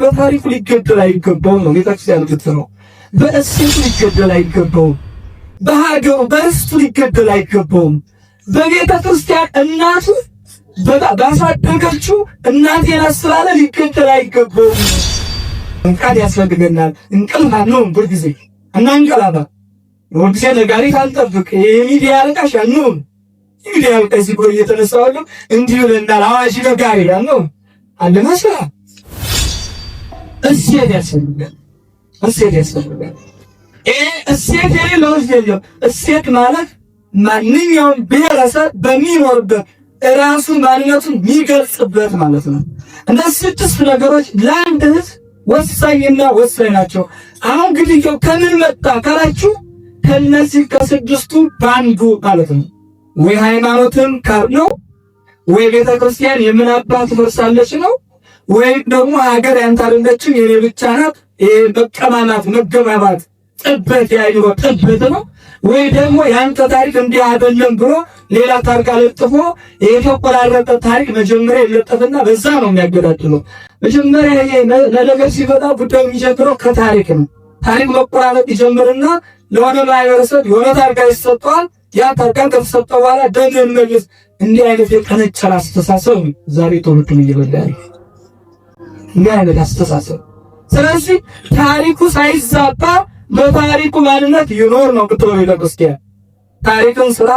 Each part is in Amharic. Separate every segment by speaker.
Speaker 1: በታሪክ ሊገደል አይገባውም ነው ቤተክርስቲያን የምትለው። በእሴት ሊገደል አይገባውም። በሀገሩ በርስቱ ሊገደል አይገባውም። በቤተ ክርስቲያን እናቱ ባሳደገችው እናቴን አስባለ ሊገደል አይገባውም። እንቃድ ያስፈልገናል። እንቅልፍ ነው ሁልጊዜ አናንቀላፋ ወንድ ነጋሪት አልጠብቅ የሚዲያ አልቃሽ አልቃሽ ሲቆይ እንዲህ ብለናል። አዋሽ እሴት ያስፈልጋል። እሴት ያስፈልጋል። እሴት የሌለው የለም። እሴት ማለት ማንኛውም ብሔረሰብ በሚኖርበት ራሱ ማንነቱን የሚገልጽበት ማለት ነው። እነዚህ ስድስት ነገሮች ለአንድ ህዝብ ወሳኝና ወሳኝ ናቸው። አሁን ግድያው ከምን መጣ ካላችሁ ከነዚህ ከስድስቱ በአንዱ ማለት ነው። ወይ ሃይማኖትን ካብ ነው፣ ወይ ቤተ ክርስቲያን የምን አባት ፈርሳለች ነው፣ ወይም ደግሞ ሀገር ያንተ አይደለችም የኔ ብቻ ናት፣ መቀማማት፣ መገባባት፣ ጥበት፣ ያይሮ ጥበት ነው። ወይ ደግሞ ያንተ ታሪክ እንዲህ አይደለም ብሎ ሌላ ታሪክ አለጥፎ የተቆራረጠ ታሪክ መጀመሪያ ይለጠፍና በዛ ነው የሚያገዳድለው። መጀመሪያ ነገር ሲፈጣ ጉዳዩ የሚቸግረው ከታሪክ ነው። ታሪክ መቆራረጥ ይጀምርና ለሆነ ማህበረሰብ የሆነ ታርጋ ይሰጠዋል። ያ ታርጋን ከተሰጠ በኋላ ደም የሚመልስ እንዲህ አይነት የቀነጨል አስተሳሰብ ዛሬ ትውልዱን እየበላ ያለ እንዲህ አይነት አስተሳሰብ። ስለዚህ ታሪኩ ሳይዛባ በታሪኩ ማንነት ይኖር ነው ብትሎ ቤተክርስቲያን ታሪክን ስራ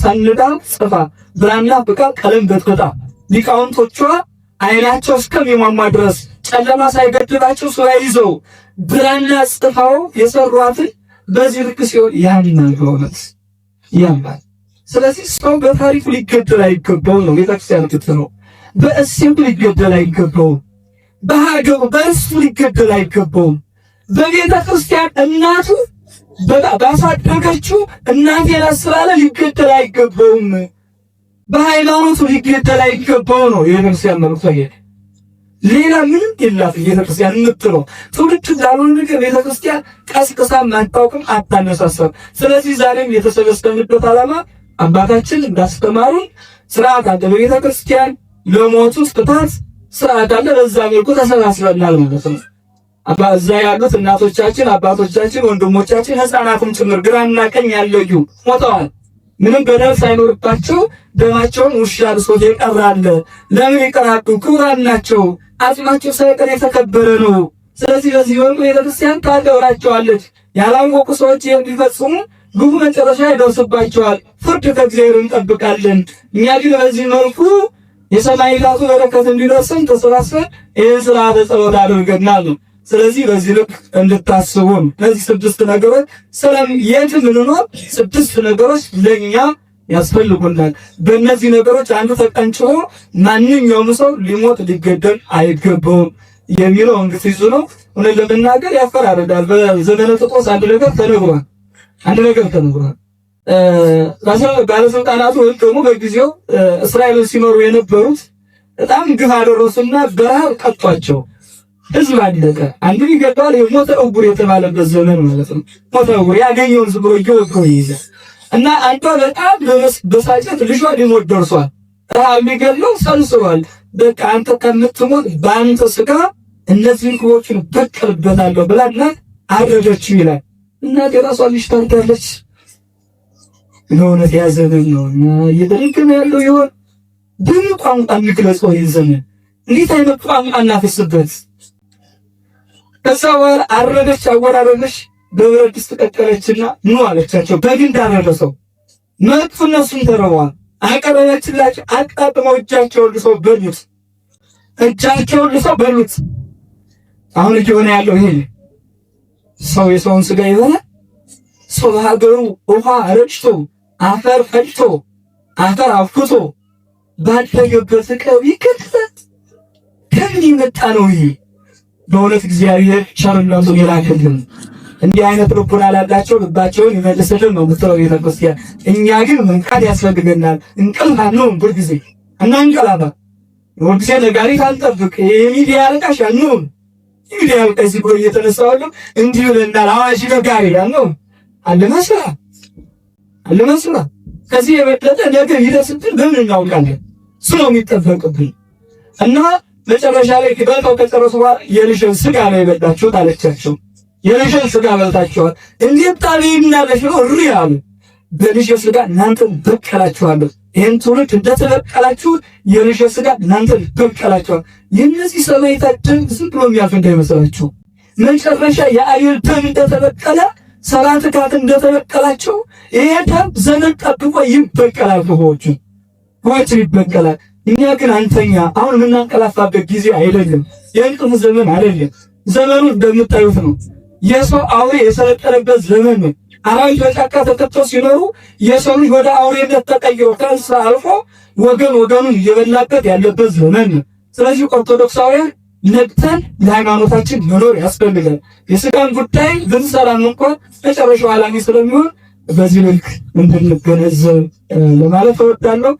Speaker 1: ሰንዳ ጽፋ ብራና ብቃ ቀለም በጥብጣ ሊቃውንቶቿ አይናቸው እስከሚሟሟ ድረስ ጨለማ ሳይገድባቸው ሱራ ይዘው ብራና ጽፋው የሰሯትን በዚህ ልክ ሲሆን ያምናል፣ በእውነት ያምናል። ስለዚህ ሰው በታሪኩ ሊገደል አይገባው ነው ቤተክርስቲያን ትትነው። በእሴቱ ሊገደል አይገባውም። በሀገሩ በእርሱ ሊገደል አይገባውም። በቤተ ክርስቲያን እናቱ ባሳደገችው እናቴ ናት ሊገደል አይገባውም። በሃይማኖቱ ህግ ሊገደል ይገባው ነው የቤተክርስቲያን መልእክቷ። ሌላ ምንም የላት ቤተክርስቲያን የምትለው ትውልድ ዳሉን ነገር ቤተክርስቲያን ቀስቅሳ አታውቅም፣ አታነሳሳም። ስለዚህ ዛሬም የተሰበሰብንበት ዓላማ አባታችን እንዳስተማሩን ስርዓት አለ በቤተክርስቲያን ለሞቱ ስጥታት ስርዓት አለ። በዛ መልኩ ተሰባስበናል ማለት ነው። እዛ ያሉት እናቶቻችን፣ አባቶቻችን፣ ወንድሞቻችን ህፃናትም ጭምር ግራና ቀኝ ያለዩ ሞተዋል። ምንም በደል ሳይኖርባቸው ደማቸውን ውሻ ልሶት የቀራለ ለምን ይቀራሉ? ክቡራን ናቸው። አጽማቸው ሳይቀር የተከበረ ነው። ስለዚህ በዚህ ወንዱ ቤተክርስቲያን ታደብራቸዋለች። ያላወቁ ሰዎች ይህን ቢፈጽሙ ግቡ መጨረሻ ይደርስባቸዋል። ፍርድ ከእግዚአብሔር እንጠብቃለን። እኛ ግን በዚህ መልኩ የሰማዕታቱ በረከት እንዲደርስን ተሰባስበን ይህን ስራ ተጸሎት አድርገናል። ስለዚህ በዚህ ልክ እንድታስቡን እነዚህ ስድስት ነገሮች ሰላም የት ምንኖር ስድስት ነገሮች ለኛ ያስፈልጉናል። በእነዚህ ነገሮች አንዱ ተቀንጭቦ ማንኛውም ሰው ሊሞት ሊገደል አይገባውም የሚለው እንግዲህ ይዙ ነው። እውነት ለመናገር ያፈራርዳል። በዘመነ ጥቆስ አንድ ነገር ተነግሯል። አንድ ነገር ተነግሯል። ባለስልጣናቱ ወይም ደግሞ በጊዜው እስራኤልን ሲኖሩ የነበሩት በጣም ግፍ አደረሱና በረሃብ ቀጧቸው። ህዝብ አደቀ። አንድን ይገባል የሞተ ዕውር የተባለበት ዘመን ማለት ነው። ሞተ ዕውር ያገኘውን ዝም ብሎ እየወጋው ይይዛል እና አንተ በጣም በሳጨት ልጇ ሊሞት ደርሷል። ረሃ የሚገድለው ሰንስሯል። በቃ አንተ ከምትሞት በአንተ ስጋ እነዚህን ክቦችን በቀልበታለሁ ብላ እናት አደረገችው ይላል። እናት የራሷ ልጅ ታርዳለች። ለእውነት ያዘንን ነው እየተደገመ ያለው ይሆን? ድን ቋንቋ እንግለጸው? ይህን ዘመን እንዴት አይነት ቋንቋ እናፈስበት? ከዛ በኋላ አረደች፣ አወራረደች፣ በብረት ድስት ቀቀለችና ኑ አለቻቸው። በግን አረደሰው መጥፍ እነሱም ተረዋል። አቀረበችላቸው። አጣጥመው እጃቸውን ልሰው በሉት፣ እጃቸውን ልሰው በሉት። አሁን እየሆነ ያለው ይሄ ሰው የሰውን ስጋ ይበላል። ሰው በሀገሩ ውሃ ረጭቶ አፈር ፈጭቶ አፈር አፍቶ ባደገበት ዕቃው ይከተታል። ከምን ይመጣ ነው ይሄ? በእውነት እግዚአብሔር ቸርነቱ ይላክልን። እንዲህ አይነት ልቡና ላላቸው ልባቸውን ይመልስልን ነው ምትለው ቤተክርስቲያን። እኛ ግን መንቃት ያስፈልገናል። እንቅልፍ አንሆን ሁልጊዜ እናንቀላፋ። ሁልጊዜ ነጋሪት አንጠብቅ። የሚዲያ አልቃሽ አንሆን። የሚዲያ አልቃሽ ሲጎ እየተነሳ ሁሉ እንዲህ ብለናል። አዋሽ ነጋሪ አንሆን። አለመስራ አለመስራ ከዚህ የበለጠ ነገር ይደርስብን በምን እናውቃለን? እሱ የሚጠበቅብን እና መጨረሻ ላይ በልተው ከጨረሱ በኋላ የልጅን ስጋ ነው የበላችሁት አለቻቸው። የልጅን ስጋ በልታችኋል፣ እንዴት ታዲያ እናለሽ ነው እሪ አሉ። በልጅ ስጋ እናንተን በቀላችኋለሁ። ይህን ትውልድ እንደተበቀላችሁት የልጅ ስጋ እናንተን በቀላችኋል። የእነዚህ ሰማዕታት ደም ዝም ብሎ የሚያልፍ እንዳይመስላችሁ። መጨረሻ የአቤል ደም እንደተበቀለ ሰላት ካት እንደተበቀላቸው ይሄ ደም ዘመን ጠብቆ ይበቀላል። ድሆችን ድሆችን ይበቀላል። እኛ ግን አንተኛ አሁን የምናንቀላፋበት ጊዜ አይደለም። የእንቅልፍ ዘመን አይደለም። ዘመኑ እንደምታዩት ነው። የሰው አውሬ የሰለጠነበት ዘመን ነው። አራዊት በጫካ ተከተው ሲኖሩ የሰው ልጅ ወደ አውሬነት ተቀይሮ ከእንስሳ አልፎ ወገን ወገኑን እየበላበት ያለበት ዘመን ነው። ስለዚህ ኦርቶዶክሳውያን ነግተን ለሃይማኖታችን መኖር ያስፈልጋል። የስጋን ጉዳይ ብንሰራም እንኳን መጨረሻው አላሚ ስለሚሆን በዚህ መልክ እንድንገነዘብ ለማለት እወዳለሁ።